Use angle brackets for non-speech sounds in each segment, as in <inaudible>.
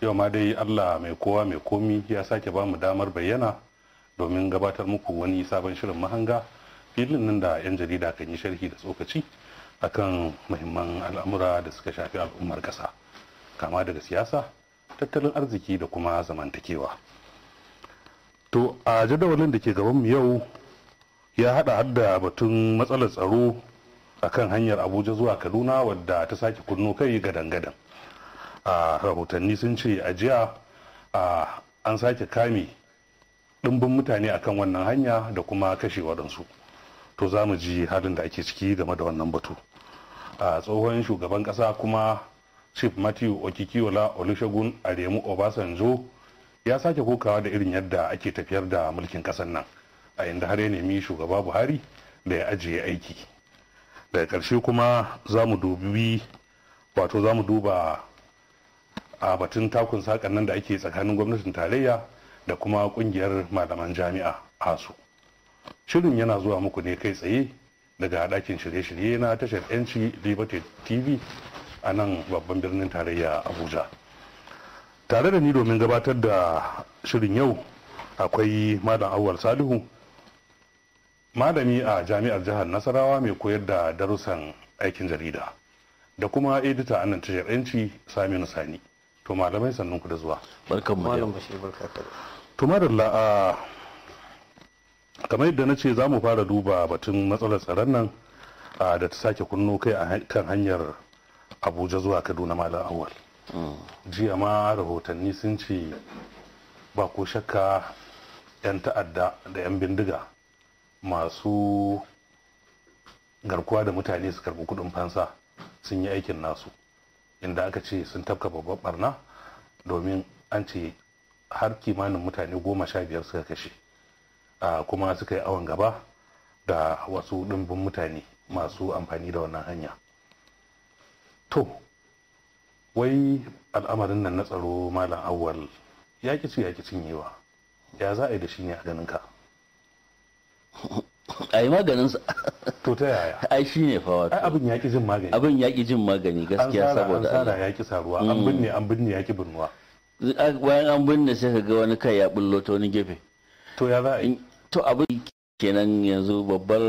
yau ma dai allah mai kowa mai komi ya sake bamu damar bayyana domin gabatar muku wani sabon shirin mahanga filin nan da 'yan jarida kan yi sharhi da tsokaci akan muhimman al'amura da suka shafi al'ummar ƙasa kama daga siyasa tattalin arziki da kuma zamantakewa to a jadawalin da ke gaban mu yau ya hada hadda batun matsalar tsaro akan hanyar abuja zuwa kaduna wadda ta sake kunno kai gadan-gadan a rahotanni sun ce a jiya an sake kame ɗimbin mutane akan wannan hanya da kuma kashe waɗansu to za mu ji halin da ake ciki game da wannan batu a tsohon shugaban ƙasa kuma chief matthew okikiola olusegun aremu obasanjo ya sake kokawa da irin yadda ake tafiyar da mulkin ƙasar nan a inda har ya nemi shugaba buhari da ya ajiye aiki daga ƙarshe kuma za mu dubi wato za mu duba a batun takun sakan nan da ake tsakanin gwamnatin tarayya da kuma kungiyar malaman jami'a asu shirin yana zuwa muku ne kai tsaye daga ɗakin shirye-shirye na tashar yanci liberty tv a nan babban birnin tarayya abuja tare da ni domin gabatar da shirin yau akwai malam awwal salihu malami a jami'ar jihar nasarawa mai koyar da darussan aikin jarida da kuma edita a tashar yanci saminu sani to malamai sannun ku da zuwa barkan mu malam bashir barka ka to madalla a kamar yadda na ce za mu fara duba batun matsalar tsaron nan da ta sake kunno kai a kan hanyar abuja zuwa kaduna malam awal mm. jiya ma rahotanni sun ce ba ko shakka 'yan ta'adda da 'yan bindiga masu garkuwa da mutane su karɓi kudin fansa sun yi aikin nasu inda aka ce sun tafka babban barna domin an ce har kimanin mutane goma sha biyar suka kashe kuma suka yi awon gaba da wasu ɗimbin mutane masu amfani da wannan hanya to wai al'amarin nan na tsaro malam awwal ya ci, ya ki cinyewa ya za a yi da shi ne a ganin ka <laughs> a yi maganinsa to ta yaya ai shi ne fa wato abin yaki jin magani abin yaki jin magani gaskiya saboda an tsara yaki saruwa an mm. binne an binne yaki ki binnuwa bayan an binne sai ka ga wani kai ya bullo ta wani gefe to ya za a to abin kenan yanzu babbar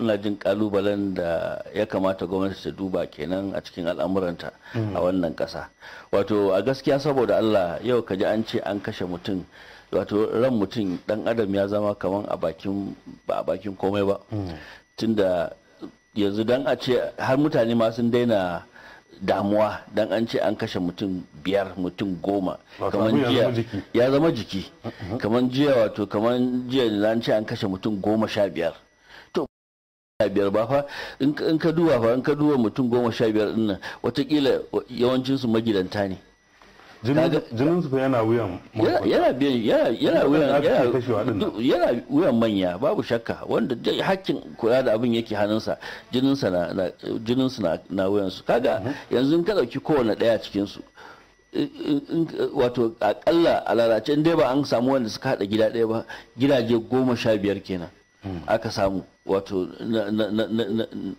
ina jin kalubalen da ya kamata gwamnati ta duba kenan a cikin al'amuranta a mm. wannan kasa wato a gaskiya saboda allah yau ka ji an ce an kashe mutum wato ran mutum dan adam ya zama kamar a bakin ba a bakin komai ba hmm. tunda yanzu dan a ce har mutane ma sun daina damuwa dan an ce an kashe mutum biyar mutum goma kamar jiya ya zama jiki hmm. kamar jiya wato kamar jiya an ce an kashe mutum goma sha biyar sha biyar ba fa in ka duba fa in ka duba mutum goma sha biyar ɗin nan watakila yawancinsu magidanta ne jinin su yana wuyan yana wuyan yana wuyan manya babu shakka wanda hakkin kula da abin yake hannunsa jininsa na jininsu na wuyan su kaga mhm. yanzu ka dauki kowane daya cikin su wato akalla a lalace dai ba an samu wanda suka hada gida daya ba gidaje goma sha biyar kenan aka samu wato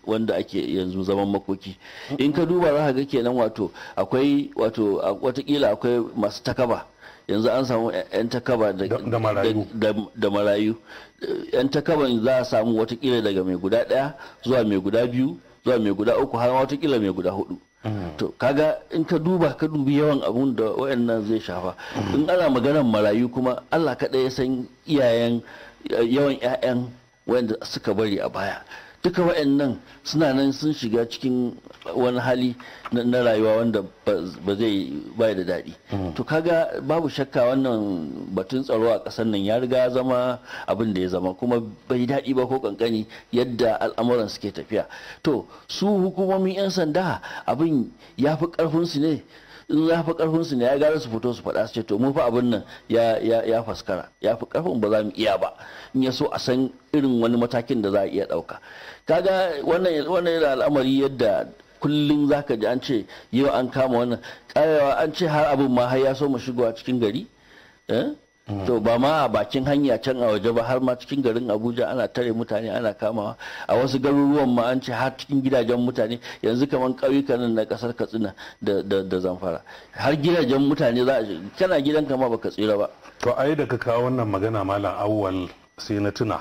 wanda ake yanzu zaman makoki in ka duba za ga kenan wato akwai wato watakila akwai masu takaba yanzu an samu 'yan takaba da marayu 'yan takaban za a samu watakila daga mai guda daya zuwa mai guda biyu zuwa mai guda uku har watakila mai guda hudu mm. to kaga in ka duba ka dubi yawan abun da wayannan zai shafa mm. in ana maganar marayu kuma allah kaɗai ya san iyayen yawan 'ya'yan wanda suka bari a baya duka wa'annan suna nan sun shiga cikin wani hali na rayuwa wanda ba zai bai da daɗi mm-hmm. to kaga babu shakka wannan batun tsaro a ƙasar nan ya riga zama abin da ya zama kuma bai daɗi ba ko kankani yadda al'amuran suke tafiya to su hukumomin 'yan sanda abin ya fi ƙarfinsu ne in ya fi karfin su ne ya gane su fito su faɗa su ce to mu fa abin nan ya ya ya faskara ya fi karfin ba za mu iya ba in ya so a san irin wani matakin da za a iya ɗauka kaga wannan wannan al'amari yadda kullum zaka ji an ce yau an kama wannan karewa an ce har abin ma har ya so mu shigowa cikin gari eh? to ba ma a bakin hanya can a waje ba har ma cikin garin abuja ana tare mutane ana kamawa a wasu garuruwan ma an ce har cikin gidajen mutane yanzu kamar ƙauyukan nan na kasar katsina da zamfara har gidajen mutane za a kana gidan kama baka tsira ba to ai da ka kawo wannan magana malam awwal sai na tuna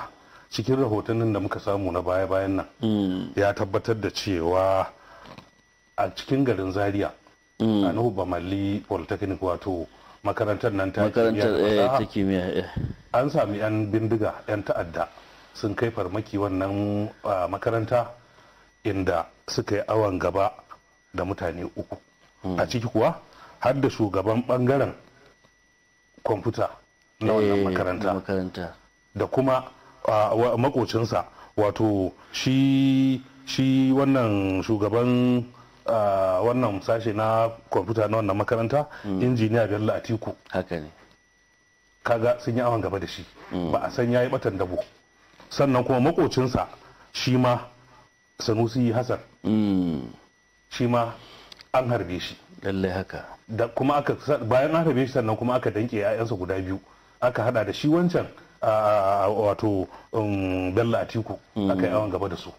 cikin rahotannin da muka samu na baya bayan nan mm. ya tabbatar da cewa a cikin garin zaria mm. a nuhu bamalli polytechnic wato makarantar nan ta kimiyya eh, eh. an sami 'yan bindiga 'yan ta'adda sun kai farmaki wannan makaranta inda suka yi awon gaba da mutane uku hmm. a ciki kuwa har da shugaban bangaren kwamfuta na wannan eh, makaranta da kuma makocinsa wato shi wannan shugaban wannan sashe na kwamfuta na wannan makaranta mm. injiniya bello atiku haka ne kaga sun yi awon gaba da shi mm. ba a san yayi batan dabo sannan kuma makocinsa shi ma sanusi hassan mm. shi ma an harbe shi lallai haka da kuma aka bayan an harbe shi sannan kuma aka danke 'ya'yansa guda biyu aka hada da shi wancan wato um, bello atiku aka yi awon gaba da su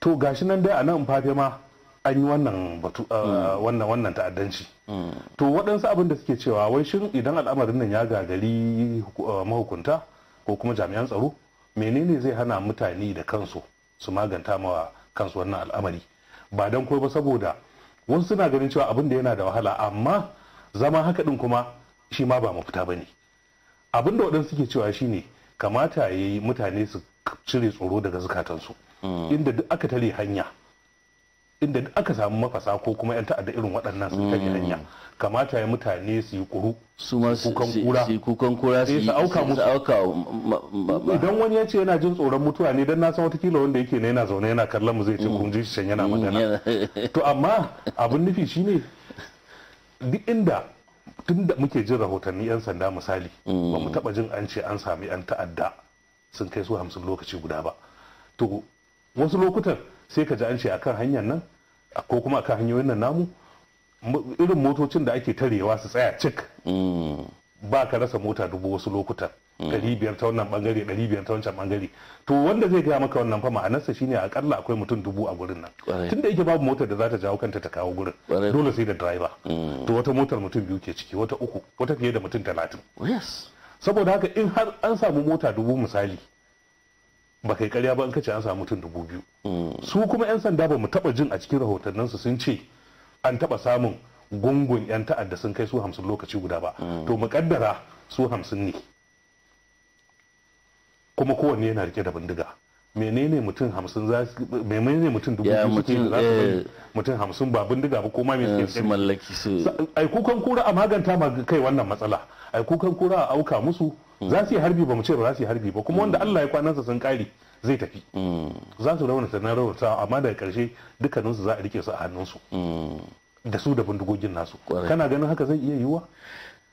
to gashi nan dai a nan fafe ma an yi wannan batu uh, mm. wannan wannan ta'addanci mm. to waɗansu abin da suke cewa wai shin idan al'amarin nan ya gagari uh, mahukunta ko kuma jami'an tsaro menene zai hana mutane da kansu su maganta ma kansu wannan al'amari ba dan koi ba saboda wasu suna ganin cewa abin da yana da wahala amma zama haka din kuma shi ma ba mafita bane abin da waɗansu suke cewa shine kamata yayi mutane su cire tsoro daga zukatansu mm. inda duk aka tare hanya inda aka samu mafasa ko kuma 'yan ta'adda irin waɗannan sun tare hanya mm. kamata ya mutane su yi kuru su kukan kura su kukan eh, kura su auka musu auka idan wani ya ce yana jin tsoron mutuwa ne don na san kila wanda yake ne yana zaune yana kallon mu zai ce mm. kun ji shi can yana mm, magana to amma abin nufi shine duk inda tun da muke jin rahotanni 'yan sanda misali ba mu taba jin an ce an sami 'yan ta'adda sun kai su hamsin lokaci guda ba to wasu lokutan sai ka ji an ce kan hanyar nan ko kuma a kan hanyoyin nan namu irin motocin da ake tarewa su tsaya cik mm. ba ka rasa mota dubu wasu lokutan mm. ɗari biyar ta wannan bangare ɗari biyar ta wancan bangare to wanda zai gaya maka wannan fama a sa shine akalla akwai mutum dubu a gurin nan tunda yake babu motar da za ta jawo kanta ta kawo gurin dole sai da driver mm. to wata motar mutum biyu ke ciki wata uku wata fiye da mutum talatin saboda haka in har an samu mota dubu misali ba kai karya ba in kace an samu mutum dubu biyu hmm. su kuma yan sanda ba mu taba jin a cikin rahotannin su sun ce an taba samun gungun yan ta'adda sun kai su hamsin lokaci guda ba hmm. to mu kaddara su hamsin ne kuma kowanne yana rike da bindiga menene mutum hamsin za su menene mutum dubu biyu suke su za eh. mutum hamsin ba bindiga ba koma mai eh, su mallaki su ai kukan kura a maganta ma kai wannan matsala ai kukan kura a auka musu za su yi harbi ba mu ce ba za su yi harbi ba kuma wanda Allah ya kwanansa sun kare zai tafi za su raunata na raunata amma daga karshe dukkaninsu za a rike su a su. da su da bindigogin nasu kana ganin haka zai iya yiwuwa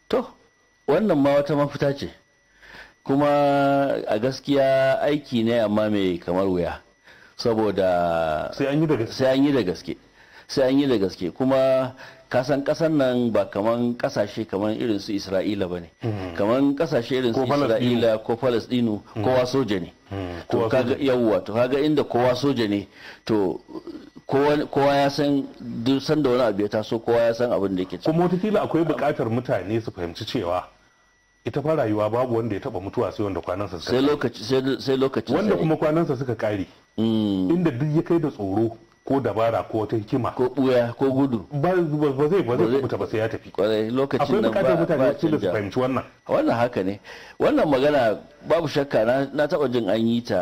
to wannan ma wata mafita ce kuma a gaskiya aiki ne amma mai kamar wuya saboda sai an yi da gaske sai an yi da gaske kuma kasan kasan nan ba kaman kasashe kaman irin su isra'ila ba ne hmm. kaman kasashe irin su isra'ila ko palestino hmm. kowa soja ne hmm. to kaga yawwa to kaga inda kowa soja ne to kowa ya san duk sanda wani abu ya taso kowa ya san abin da yake kuma wataƙila akwai buƙatar mutane su fahimci cewa ita fa rayuwa babu wanda ya taba mutuwa sai wanda kwanansa suka sai lokaci sai lokaci wanda kuma kwanansa suka kare inda duk ya kai da tsoro ko dabara ko wata hikima ko buya ko gudu ba zai ba zai kubuta sai ya tafi lokacin nan ba ba canja su fahimci wannan wannan haka ne wannan magana babu shakka na taba jin an yi ta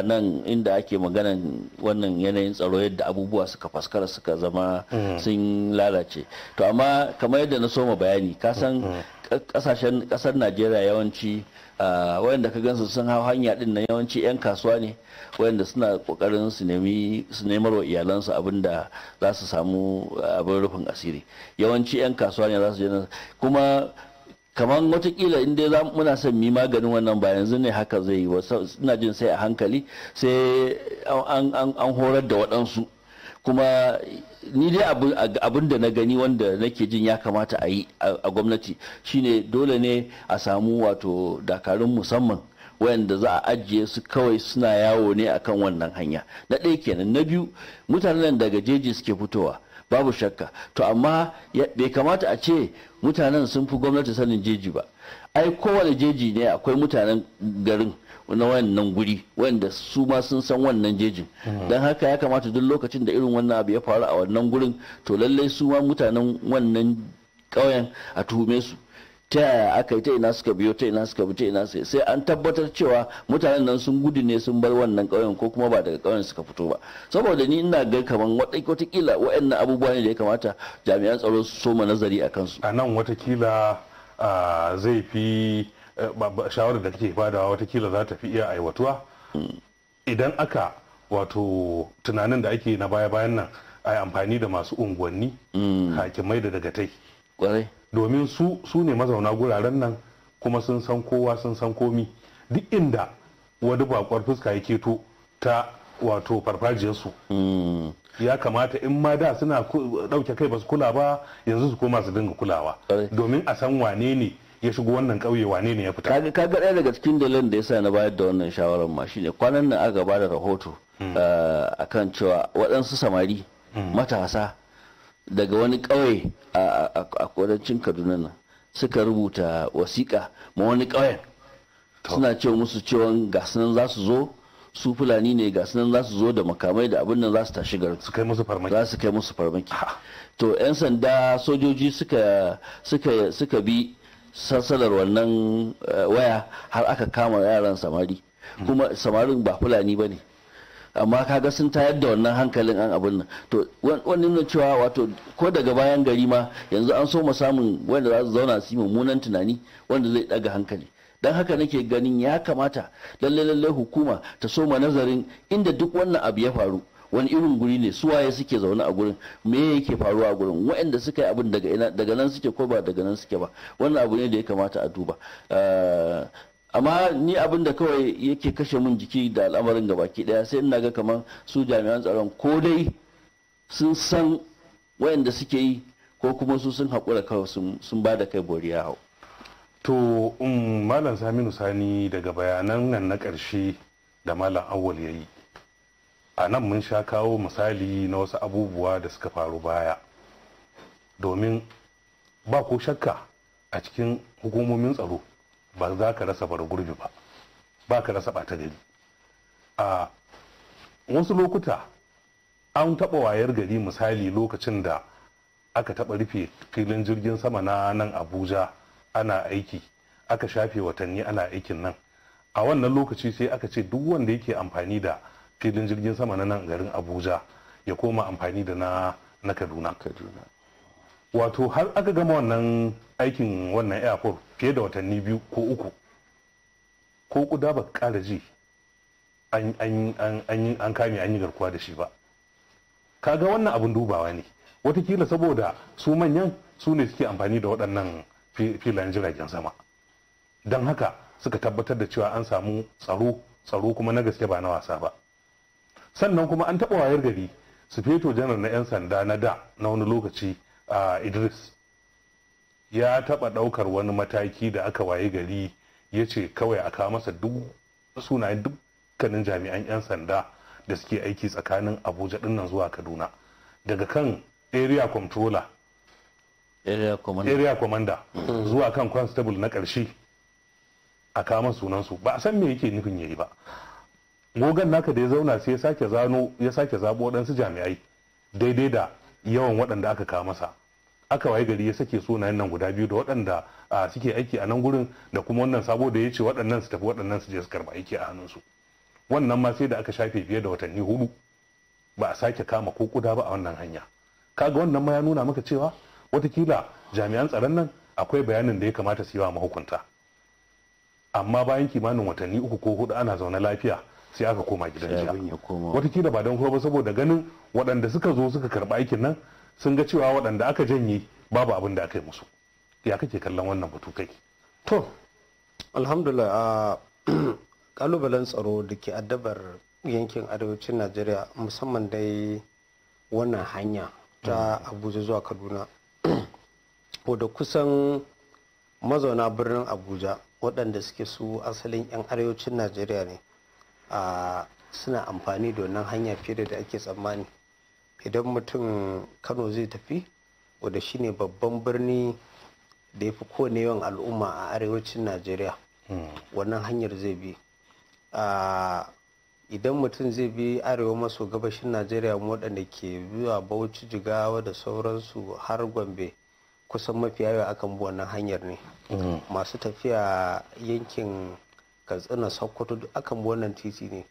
a nan inda ake maganan wannan yanayin tsaro yadda abubuwa suka faskara suka zama mm. sun lalace to amma kamar yadda na soma bayani kasan kasashen mm-hmm. kasar najeriya yawanci ah, wayanda ka gansu sun hau hanya din nan yawanci 'yan kasuwa ne wayanda suna kokarin su nemi su nemar wa iyalansu abin da za su samu eh, abin rufin asiri yawanci 'yan kasuwa ne za su je kuma kamar watakila in dai muna son mi maganin wannan ba yanzu ne haka zai yi ina jin sai a hankali sai an horar da waɗansu kuma ni dai abin da na gani wanda nake jin ya kamata a yi a gwamnati shine dole ne a samu wato dakarun musamman wayanda za a ajiye su kawai suna yawo ne akan wannan hanya na ɗaya kenan na biyu mutanen daga jeji suke fitowa babu shakka to amma bai kamata a ce mutanen sun fi gwamnati sanin jeji ba ai kowane jeji ne akwai mutanen garin na wannan guri wanda su ma sun san wannan jejin mm. don haka ya kamata duk lokacin da irin wannan abu ya faru a wannan gurin to lallai su ma mutanen wannan ƙauyen a tuhume su ta yaya aka yi ta ina suka biyo ta ina suka bi ta ina sai an tabbatar cewa mutanen nan sun gudu ne sun bar wannan ƙauyen ko kuma ba daga ƙauyen suka fito ba saboda ni ina ga kaman watakila waɗannan abubuwa ne da ya kamata jami'an tsaro su soma nazari a kansu a nan watakila zai fi eh, shawarar da kake badawa watakila za ta fi iya aiwatuwa idan aka wato tunanin da ake na baya-bayan nan a yi amfani da masu unguwanni mm. hakimai da dagatai kwarai domin su su ne mazauna guraren nan kuma sun san kowa sun san komi duk inda wani bakwar fuska ya keto ta wato farfajiyarsu hmm. ya kamata in ma da suna dauke kai ba su kula ba yanzu su koma su dinga kulawa domin a san wane ne ya shigo wannan kauye wane ne ya fita Ka ga ɗaya daga cikin dalilin da yasa na bayar da wannan shawarar ma shine kwanan nan aka bada da rahoto hmm. eh, akan cewa waɗansu samari hmm. matasa daga wani ƙauye a kudancin kaduna nan suka rubuta wasiƙa ma wani ƙauyen suna ce musu cewa gasunan za su zo su fulani ne gasunan za su zo da makamai da abin nan za su tashi garin musu farmaki za su kai musu farmaki to 'yan sanda sojoji suka bi sassalar wannan eh, waya har aka kama yaran samari hmm. kuma samarin ba fulani ba ne amma kaga sun tayar da wannan hankalin an abin nan to wani nuna cewa wato ko daga bayan gari ma yanzu an so samun wanda za su zauna su yi mummunan tunani wanda zai daga hankali don haka nake ganin ya kamata lalle lalle hukuma ta soma nazarin inda duk wannan abu ya faru wani irin guri ne suwaye suke zaune a gurin me yake faruwa a gurin waɗanda suka yi abin daga nan suke ko ba daga nan suke ba wannan abu ne da ya kamata a duba ah, amma ni abin da kawai yake kashe min jiki da al'amarin gabaki daya sai ina ga kamar su jami'an tsaron ko dai sun san wayanda suke yi ko kuma su sun haƙura kawai sun ba da kai boriya hau to um, malam saminu sani daga bayanan nan na ƙarshe da malam awal ya yi a nan mun sha kawo misali na wasu abubuwa da suka faru baya domin ba ko shakka a cikin hukumomin tsaro ba za ka rasa bar gurbi ba ba ka rasa bata gari a wasu lokuta an taɓa wayar gari misali lokacin da aka taɓa rufe filin jirgin sama na nan abuja ana aiki aka shafe watanni ana aikin nan a wannan lokaci sai aka ce duk wanda yake amfani da filin jirgin sama na nan garin abuja ya koma amfani da na na kaduna wato har aka gama wannan aikin wannan airport fiye da watanni biyu ko uku ko kuda ba ƙara ji an kame an yi garkuwa da shi ba kaga wannan abin dubawa ne watakila saboda su manyan su ne suke amfani da waɗannan filayen jiragen sama don haka suka tabbatar da cewa an samu tsaro tsaro kuma na gaske ba na wasa ba sannan kuma an taɓa wayar gari su feto janar na 'yan sanda na da na wani lokaci a idris ya taɓa ɗaukar wani mataki da aka waye gari ya ce kawai a kawo masa duk sunayen dukkanin jami'an 'yan sanda da suke aiki tsakanin abuja dinnan zuwa kaduna daga kan area controller area commander, mm. zuwa kan constable na ƙarshe a kama su ba a san me yake nufin yayi ba gogan naka da ya zauna sai ya sake zano ya sake zabo waɗansu jami'ai daidai da yawan waɗanda aka kawo masa aka waye gari ya sake sunayen nan guda biyu da waɗanda suke aiki a nan gurin da kuma wannan sabo da ya ce waɗannan su tafi waɗannan su je su karɓa aiki a hannunsu wannan ma sai da aka shafe fiye da watanni hudu ba a sake kama ko kuda ba a wannan hanya kaga wannan ma ya nuna maka cewa watakila jami'an tsaron nan akwai bayanin da ya kamata su yi wa mahukunta amma bayan kimanin watanni uku ko hudu ana zaune lafiya sai aka koma gidan jiya watakila ba don ba saboda ganin waɗanda suka zo suka karɓi aikin nan sun ga cewa waɗanda aka janye babu abin da aka yi musu ya kake kallon wannan batu kai to alhamdulillah a kalubalen <clears throat> tsaro da ke addabar yankin arewacin najeriya musamman dai wannan hanya ta mm. abuja zuwa kaduna <clears throat> da kusan mazauna birnin abuja waɗanda suke su asalin 'yan arewacin najeriya ne suna amfani da wannan hanya fiye da ake tsammani idan mutum kano zai tafi wadda shine babban birni da ya fi kowane yawan al'umma a arewacin najeriya wannan hanyar zai bi idan mutum zai bi arewa maso gabashin najeriya waɗanda ke biya bauchi jigawa da sauransu har gombe kusan mafiya yawa akan bi wannan hanyar ne masu tafiya yankin katsina sokoto akan bi wannan titi ne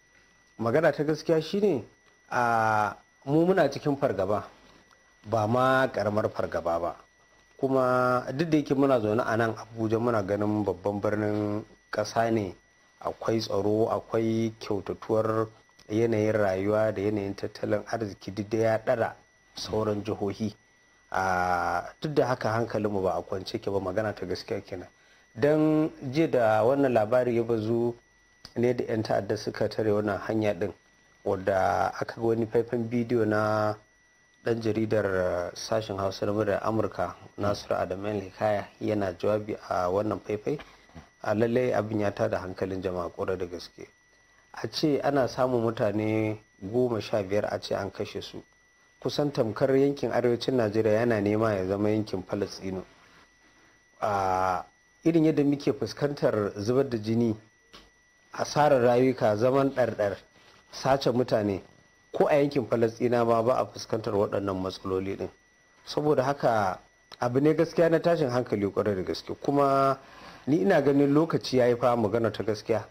magana ta gaskiya shine a mu muna cikin fargaba ba ma karamar fargaba ba kuma duk da yake muna zaune a nan abuja muna ganin babban birnin ƙasa ne akwai tsaro akwai kyautatuwar yanayin rayuwa da yanayin tattalin arziki duk da ya ɗara sauran jihohi duk da haka hankalinmu ba a kwance ke ba magana ta gaskiya kenan don jiya da wannan labari ya bazu ne da 'yan ta'adda suka tare wannan hanya din wadda aka ga wani faifan bidiyo na dan jaridar uh, sashen hausa na murar amurka nasiru adamu hikaya yana jawabi a wannan faifai a lallai abin ya tada hankalin jama'a kura da gaske a ce ana samun mutane goma sha biyar a ce an kashe su kusan tamkar yankin arewacin najeriya yana nema ya zama yankin falastino a irin yadda muke fuskantar zubar da jini asarar rayuka zaman ɗarɗar sace mutane ko a yankin falastina ma ba a fuskantar waɗannan matsaloli ɗin saboda haka abu ne gaskiya na tashin hankali kwarai da gaske kuma ni ina ganin lokaci ya yi fa magana ta gaskiya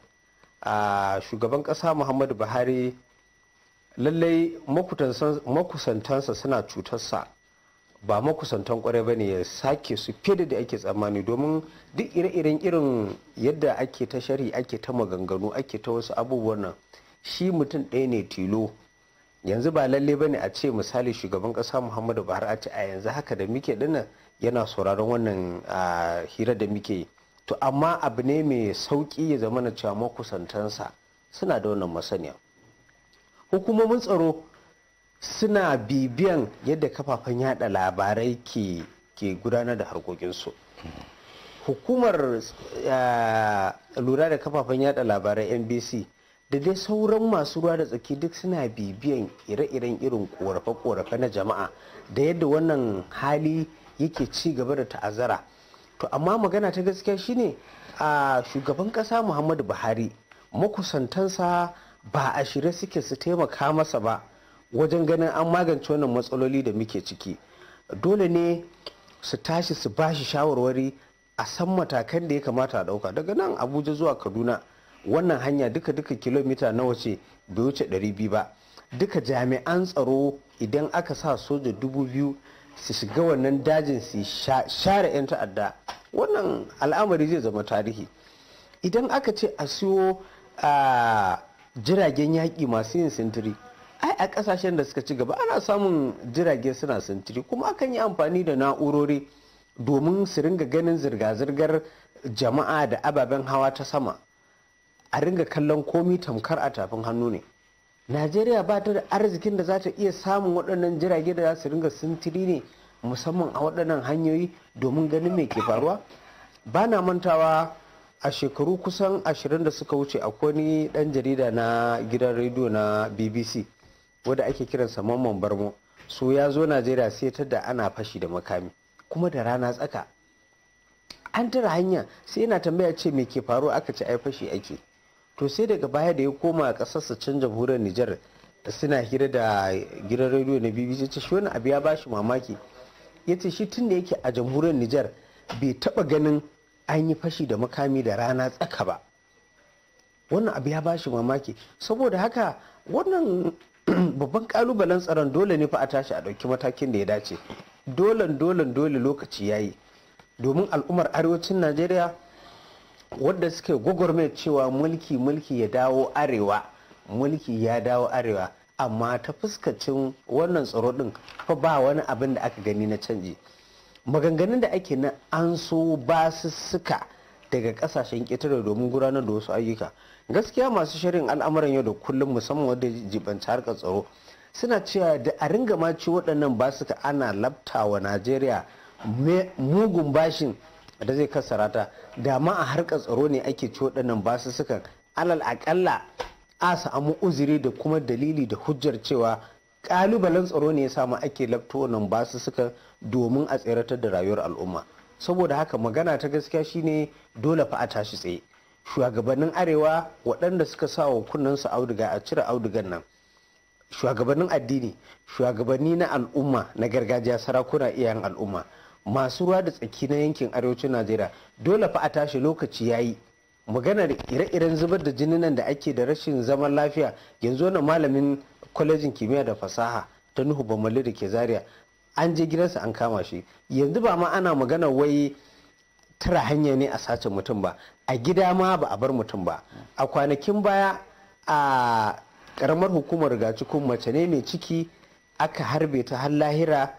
a shugaban ƙasa muhammadu buhari lallai makusantansa suna cutarsa ba makusantan kwarai ba ne ya sake su fiye da ake tsammani domin duk ire-iren irin yadda ake ta shari'a ake ta maganganu ake ta wasu abubuwan nan shi mutum ɗaya ne tilo yanzu ba lalle bane a ce misali shugaban ƙasa muhammadu buhari a ce a yanzu haka da muke dinnan yana sauraron wannan hira da muke yi to amma abu ne mai sauƙi ya zama na cewa makusantansa suna da wannan masaniya hukumomin tsaro suna bibiyan yadda kafafen yada labarai ke ke gudanar da harkokinsu hukumar lura da kafafen yada labarai nbc da dai sauran masu ruwa da tsaki duk suna bibiyan ire-iren irin korafe-korafe na jama'a da yadda wannan hali yake ci gaba da ta'azara to amma magana ta gaskiya shine a shugaban kasa muhammadu buhari makusantansa ba a shirye suke su taimaka masa ba wajen ganin an magance wannan matsaloli da muke ciki dole ne su tashi su bashi shawarwari a san matakan da ya kamata a dauka daga nan abuja zuwa kaduna wannan hanya duka-duka kilomita nawa ce bai wuce 200 ba duka jami'an tsaro idan aka sa soja dubu biyu su shiga wannan dajin su share 'yan ta'adda wannan al'amari zai zama tarihi idan aka ce a siyo a jiragen yaƙi masu yin sintiri ai a ƙasashen da suka ci gaba ana samun jirage suna sintiri kuma akan yi amfani da na'urori domin su ringa ganin zirga-zirgar jama'a da ababen hawa ta sama a ringa kallon komi tamkar a tafin hannu ne najeriya ba ta da arzikin da za ta iya samun waɗannan jirage da za su ringa sintiri ne musamman a waɗannan hanyoyi domin ganin me ke faruwa ba na mantawa a shekaru kusan ashirin da suka wuce akwai ni ɗan jarida na gidan rediyo na bbc wadda ake kiransa mamman barmo so ya zo najeriya sai ta da ana fashi da makami kuma da rana tsaka an tara hanya sai yana tambaya ce me ke faruwa aka ci ai fashi ake to sai daga baya da ya koma kasarsa can jamhuriyar nijar suna hira da gidan rediyo na bbc ta shi wani abu ya shi mamaki ya ce shi tun da yake a jamhuriyar nijar bai taba ganin an yi fashi da makami da rana tsaka ba wannan abu ya shi mamaki saboda haka wannan <clears throat> babban kalubalen tsaron dole ne fa a tashi a ɗauki matakin da ya dace dolan dolan dole lokaci yayi domin al'ummar arewacin najeriya wadda suke gwagwarmai cewa mulki mulki ya dawo arewa mulki ya dawo arewa amma ta fuskacin wannan tsaro din fa ba wani abin da aka gani na canji maganganun da ake na an so basussuka daga kasashen ƙetare domin gudanar da wasu ayyuka gaskiya masu shirin al'amuran yau da kullum musamman wadda jibanci harkar tsaro suna cewa da a ringa maci waɗannan basuka ana labtawa najeriya mugun bashin da zai kassara ta da ma a harkar tsaro ne ake ci waɗannan basussukan alal akalla a samu uzuri da kuma dalili da hujjar cewa ƙalubalen tsaro ne ya samu ake lafto su basussukan domin a tseratar da rayuwar al'umma saboda haka magana ta gaskiya shine dole fa a tashi tsaye shugabannin arewa waɗanda suka sa wa su auduga a cire audugan nan shugabannin addini shugabanni na al'umma na gargajiya sarakuna iyayen al'umma masu ruwa da tsaki na yankin arewacin najeriya dole fa a tashi lokaci yayi da ire-iren zubar da jini nan da ake da rashin zaman lafiya yanzu wani malamin kwalejin kimiyya da fasaha ta nuhu bamali da ke zaria an je gidansa an kama shi yanzu ba ma ana magana wai tara hanya ne a sace mutum ba a gida ma ba a bar mutum ba a kwanakin baya a karamar hukumar kun mace ne mai ciki aka harbe ta har lahira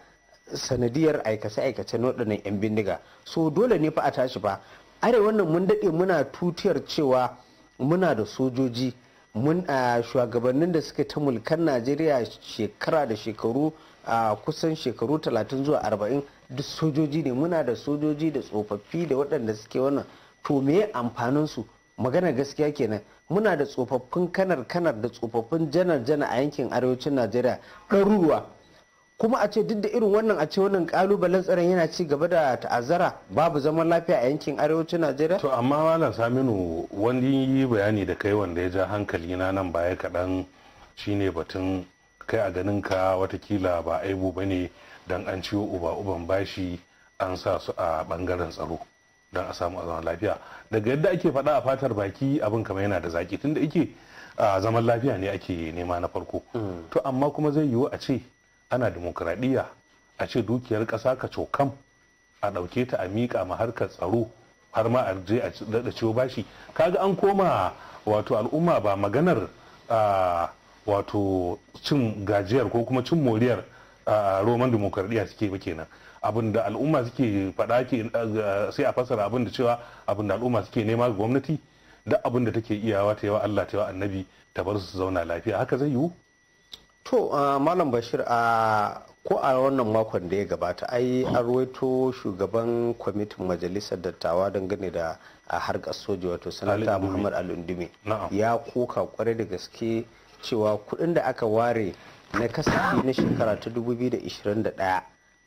sanadiyar aikace aikace na waɗannan 'yan bindiga so dole ne fa a tashi ba are wannan mun daɗe muna tutiyar cewa muna da sojoji mun a shugabannin da suke ta mulkan najeriya shekara da shekaru a kusan shekaru 30 zuwa 40 duk sojoji ne muna da sojoji da tsofaffi da waɗanda suke wannan to me amfanin su magana gaskiya kenan muna da tsofaffin kanar kanar da tsofaffin janar janar a yankin arewacin najeriya ɗaruruwa kuma a ce duk da irin wannan a ce wannan kalubalen tsaron yana ci gaba da ta'azzara babu zaman lafiya a yankin arewacin najeriya to amma malam saminu wani yi bayani da kai wanda ya ja hankali na nan baya kaɗan shine batun kai a ganin ka watakila ba aibu ba ne don an ciwo uba uban bashi an sa su a bangaren tsaro don a samu zaman lafiya daga yadda ake faɗa a fatar baki abin kamar yana da zaki da ake a zaman lafiya ne ake nema na farko hmm. to amma kuma zai yiwu a ce ana demokradiyya a ce dukiyar ƙasa ka cokam a ɗauke ta a miƙa ma harkar tsaro har ma a je a daɗa ciwo bashi kaga an koma wato al'umma ba maganar wato cin gajiyar ko kuma cin moriyar roman demokradiyya suke ba kenan abin da al'umma suke faɗa ke sai a fasara abin da cewa abin da al'umma suke nema ga gwamnati duk abin da take iyawa ta yawa Allah ta yawa annabi ta bar su zauna lafiya haka zai yiwu to uh, malam bashir a uh, ko a wannan makon da ya gabata ai an ruwaito shugaban kwamitin majalisar dattawa dangane da a uh, harkar soja wato sanata muhammad alundumi ya koka kware da gaske cewa kudin da aka ware na kasafi na shekara ta 2021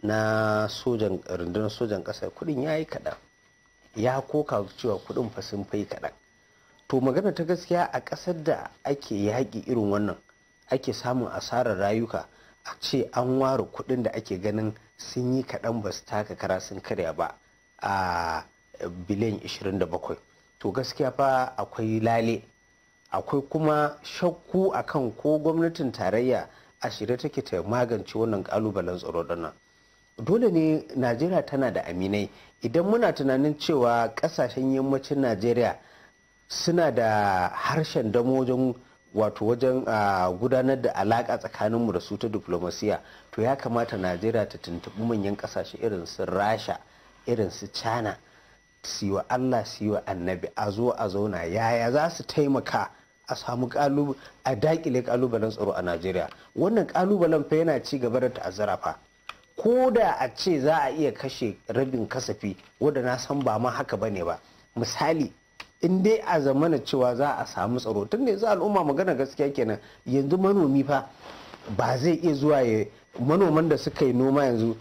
na sojan rundunar sojan kasar kudin ya yi kaɗan ya koka cewa kudin fa sun fai kaɗan to magana ta gaskiya a kasar da ake yaƙi irin wannan ake samun asarar rayuka a ce an ware kudin da ake ganin sun yi kaɗan ba su taka kara sun karya ba a biliyan 27 to gaskiya fa akwai lale akwai kuma shakku akan ko gwamnatin tarayya a shirye take ta magance wannan kalubalen tsaro nan dole ne najeriya tana da aminai idan muna tunanin cewa kasashen yammacin najeriya suna da harshen damo wajen wato wajen ah, gudanar da alaƙa tsakaninmu da su ta diplomasiya to ya kamata najeriya ta tuntuɓi manyan ƙasashe irin su rasha irin su china siwa allah siwa annabi a zo a zauna yaya za su taimaka a samu a dakile kalubalen tsaro a najeriya wannan kalubalen fa yana ci gaba da ta'azzara fa ko da a ce za a iya kashe rabin kasafi wanda na san ba ma haka bane ba misali in dai a zamana cewa za a samu tsaro tun da za al'umma magana gaskiya kenan yanzu manomi fa ba zai iya zuwa ya manoman da suka yi noma yanzu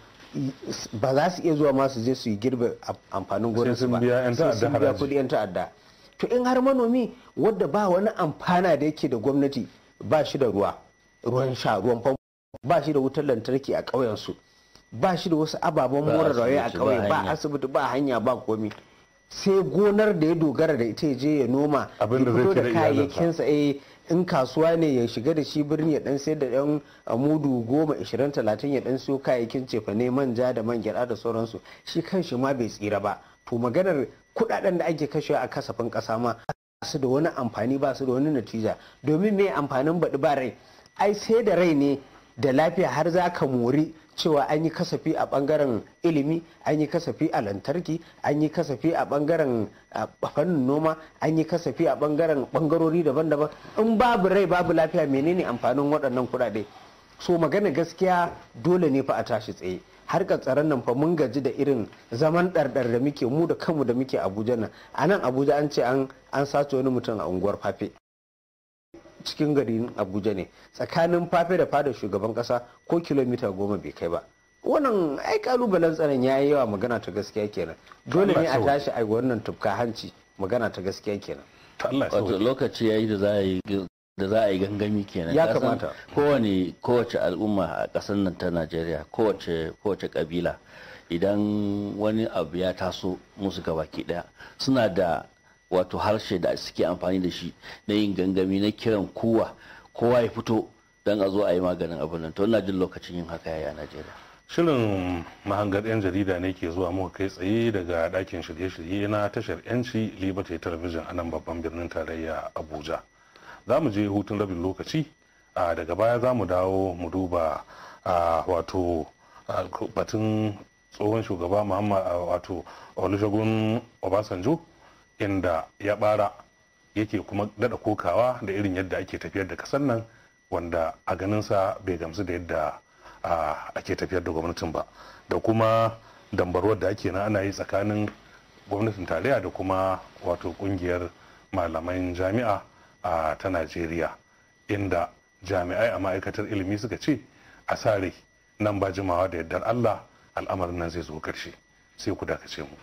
ba za su iya zuwa masu zai su yi girbe amfanin gurin su ba sun biya kuɗi yan ta'adda to in har manomi wadda ba wani amfana da yake da gwamnati ba shi da ruwa ruwan sha ruwan famfo ba shi da wutar lantarki a ƙauyensu ba shi da wasu ababen more rayuwa a ƙauye ba asibiti ba hanya ba komi sai gonar da ya dogara da ita je ya noma ya fito da kayayyakinsa eh in kasuwa ne ya shiga da shi birni ya dan sayar da yan mudu goma ishirin talatin ya dan siyo kayayyakin cefane manja da man gyada da sauransu shi kan shi ma bai tsira ba to maganar kudaden da ake kashewa a kasafin kasa ma su da wani amfani ba su da wani natija domin me amfanin baɗi ba rai ai sai da rai ne da lafiya har za ka mori cewa an yi kasafi a bangaren ilimi an yi kasafi a lantarki an yi kasafi a bangaren fannin noma an yi kasafi a bangaren bangarori daban-daban in babu rai babu lafiya menene amfanin waɗannan kuɗaɗe so magana gaskiya dole ne fa a tashi tsaye ka tsaron nan fa mun gaji da irin zaman ɗarɗar da muke mu da kanmu da muke abuja nan a nan abuja an ce an sace wani mutum a unguwar fafe cikin garin abuja ne tsakanin fafe da fada shugaban kasa ko kilomita goma bai kai ba wannan ai kalubalen tsaron ya yi yawa magana ta gaskiya kenan dole ne a tashi a wannan tufka hanci magana ta gaskiya kenan wato lokaci ya yi da za a yi gangami kenan ya kamata kowane kowace al'umma a ƙasar nan ta najeriya kowace kowace kabila idan wani abu ya taso musu gabaki daya suna da wato harshe da suke amfani da shi na yin gangami na kiran kowa kowa ya fito don a zo a yi maganin abin nan to ina jin lokacin yin haka yaya a najeriya shirin mahangar 'yan jarida ne ke zuwa muka kai tsaye daga dakin shirye-shirye na tashar yanci liberty television a nan babban birnin tarayya abuja za mu je hutun rabin lokaci daga baya za mu dawo mu duba wato batun tsohon shugaba muhammad wato olusegun obasanjo inda ya bara yake kuma dada kokawa da irin yadda ake tafiyar da kasar nan wanda a ganin sa bai gamsu da yadda ake tafiyar da gwamnatin ba da kuma dambarwar da ake na ana yi tsakanin gwamnatin tarayya da kuma wato kungiyar malaman jami'a a ta najeriya inda jami'ai a ma'aikatar ilimi suka ce a sare nan ba jimawa da yaddar allah al'amarin nan zai zo karshe sai ku dakace mu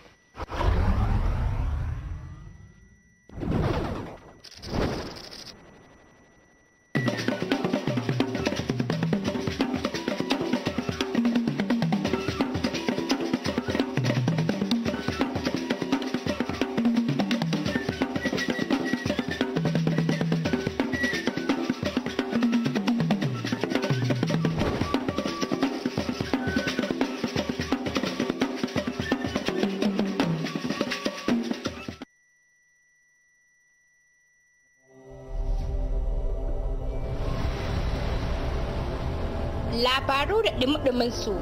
labaru da ɗumɗumin su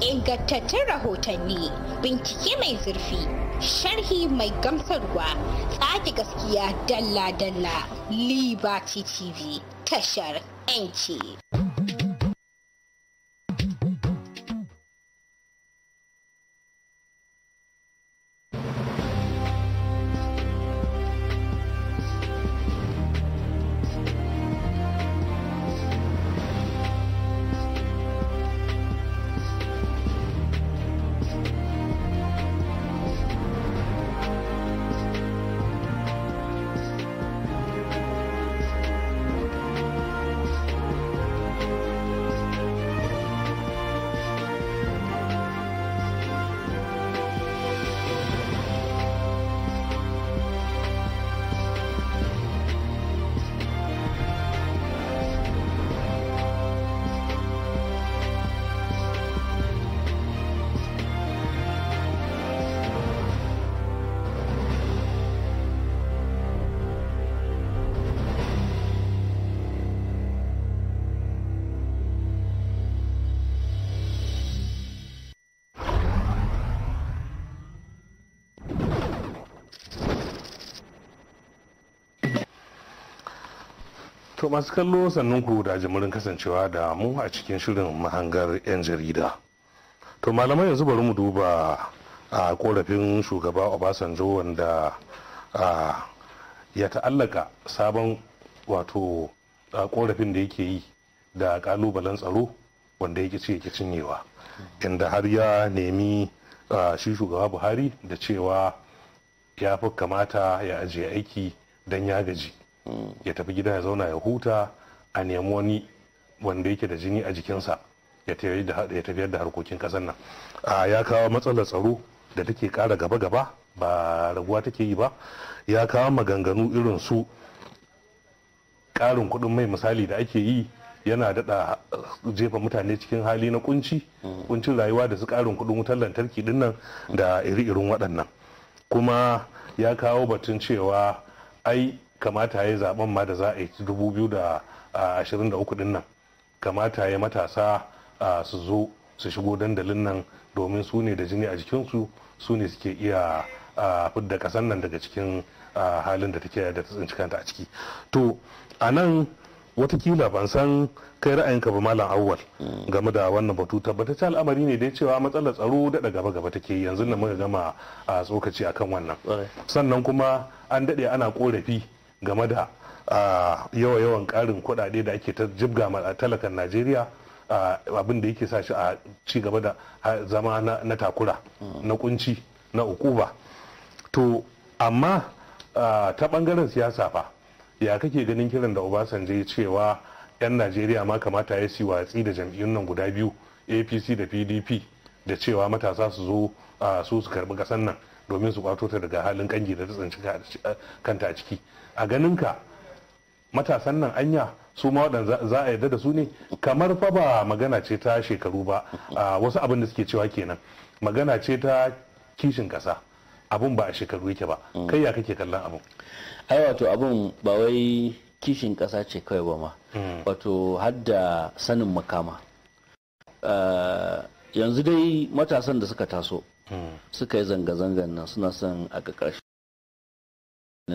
ingantattun rahotanni bincike mai zurfi sharhi mai gamsarwa tsage gaskiya dalla-dalla liberty tv tashar 'yanci To masu kallo sannan ku da jimurin kasancewa da mu a cikin shirin mahangar 'yan jarida. To malamai yanzu bari mu duba a korafin shugaba Obasanjo wanda ya ta'allaka sabon wato korafin da yake yi da kalubalen tsaro wanda yake ce yake cinyewa. Inda har ya nemi shi shugaba Buhari da cewa ya fi kamata ya ajiye aiki don ya gaji. ya tafi gida ya zauna ya huta a nemi wani wanda yake da jini a jikinsa ya tafiyar da harkokin ƙasar nan a ya kawo matsalar tsaro da take kara gaba-gaba ba raguwa take yi ba ya kawo maganganu irin su karin kuɗin mai misali da ake yi yana daɗa uh, jefa mutane cikin hali na kunci kuncin rayuwa da su karin kuɗin wutar lantarki dinnan da iri-irin waɗannan kuma ya kawo batun cewa ai kamata ya yi zaben ma da za a yi 2023 din nan kamata ya matasa su zo su shigo dandalin nan domin su ne da jini a jikinsu su ne suke iya fidda kasan nan daga cikin halin da take da tsinci kanta a ciki to a nan watakila ban san kai ra'ayinka ba malam Auwal. game da wannan batu ta al'amari ne dai cewa matsalar tsaro daɗa gaba gaba take yanzu na muka gama tsokaci akan wannan sannan kuma an daɗe ana korafi game da ah, yawa yawan karin kuɗaɗe da ake ta jibga ma talakan najeriya ah, abin da yake sa shi a ci gaba da zama na takura mm. na kunci na ukuba to amma ah, ta bangaren siyasa fa ya kake ganin kiran da obasanjo cewa 'yan najeriya ma kamata ya si watsi da jam'iyyun nan guda biyu apc da pdp da cewa matasa su zo su su karbi kasan nan domin su kwato ta daga halin kangi da ta tsinci kanta a ciki a ganin ka matasan nan anya su ma waɗanda za a yarda da su ne kamar fa ba magana ce ta shekaru ba wasu abin da suke cewa kenan magana ce ta kishin ƙasa abin ba a shekaru yake ba mm. kai ya kake kallon abin ai wato abin ba wai kishin ƙasa ce kawai ba ma mm. wato har da sanin makama yanzu dai matasan da suka taso suka yi zanga-zangan nan suna son a ƙarƙashin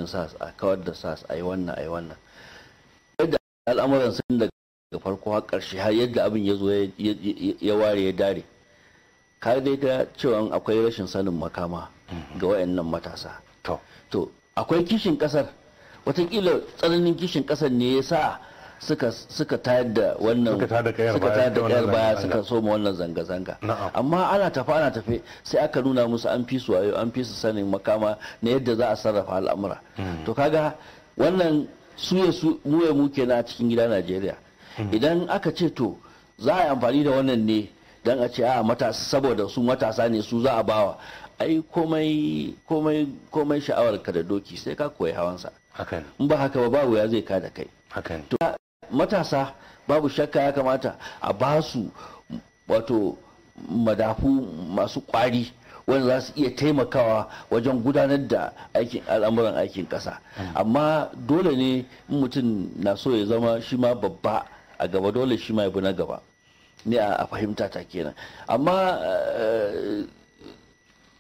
sas a kawar da sas a yi wannan a yi wannan yadda al'amuran sun daga farko har ƙarshe har yadda abin ya zo ya ware ya dare ka dai ta cewa akwai rashin sanin makama ga wayannan matasa to akwai kishin kasar. watakila tsananin kishin kasar ne ya sa suka suka tayar da wannan suka tayar da kayar baya suka soma wannan zanga-zanga amma ana tafi ana tafi sai aka nuna musu an fi su wayo an fi su sanin makama na yadda za a sarrafa al'amura hmm. to kaga wannan suya su muya muke na cikin gida Najeriya hmm. idan aka ce to za a yi amfani da wannan ne don a ce a matasa saboda su matasa ne su za a bawa ai komai komai komai sha'awar ka da doki sai ka koyi hawansa in ba haka ba babu ya zai kada kai matasa babu shakka ya kamata a ba su wato madafu masu kwari wanda za su iya taimakawa wajen gudanar da aikin al'amuran aikin ƙasa amma dole ne mutum na so ya zama shi ma babba a gaba dole shi ma ya na gaba ne a fahimta ta kenan amma eh,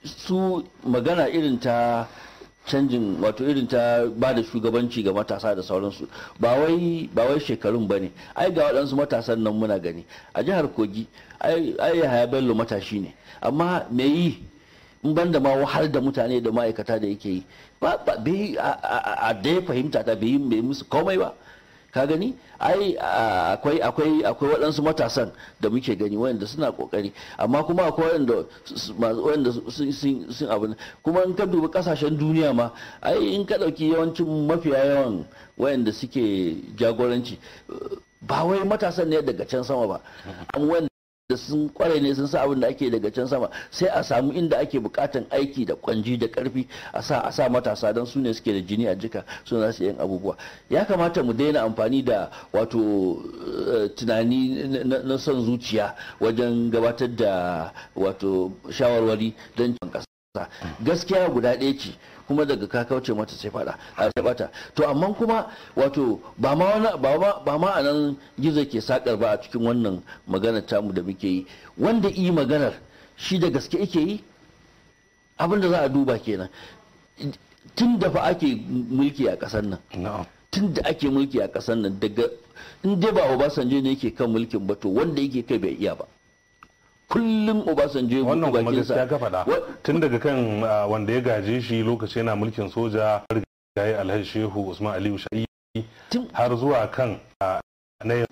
su magana irin ta canjin wato irin ta ba da shugabanci ga matasa da sauransu ba wai ba shekarun ba ne ai ga waɗansu matasan nan muna gani a jihar kogi ai haya bello matashi ne amma me yi in ban da ma wahal da mutane da ma'aikata da yake yi ba bai a da ya fahimta ta bai yi musu komai ba ka gani ai akwai akwai akwai waɗansu matasan da muke gani wanda suna kokari amma kuma akwai wanda wanda sun sun abin kuma in ka dubi kasashen duniya ma ai in ka dauki yawancin mafiya yawan wanda suke jagoranci ba wai matasan ne daga can sama ba amma da sun kware ne sun sa abin da ake daga can sama sai a samu inda ake bukatan aiki da kwanji da karfi a sa a sa matasa don su ne suke da jini a jika su za su yin abubuwa ya kamata mu daina amfani da wato eh, tunani na son zuciya wajen gabatar da wato shawarwari don kasa gaskiya guda ɗaya ce kuma daga ka kauce mata sai fada sai bata to amma kuma wato ba ma wani ba ma a nan gizo ke sakar ba a cikin wannan magana tamu da muke yi wanda yi maganar shi da gaske yake yi abin za a duba kenan tun da fa ake mulki a ƙasar nan tun da ake mulki a kasar nan daga in dai ba Obasanjo ne yake kan mulkin ba to wanda yake kai bai iya ba kullum Obasanjo ya wannan kuma gaskiya ka faɗa tun daga kan ah, wanda ya gaje shi lokaci yana mulkin soja rigaye Alhaji Shehu Usman Aliyu Sha'i har zuwa kan ah, na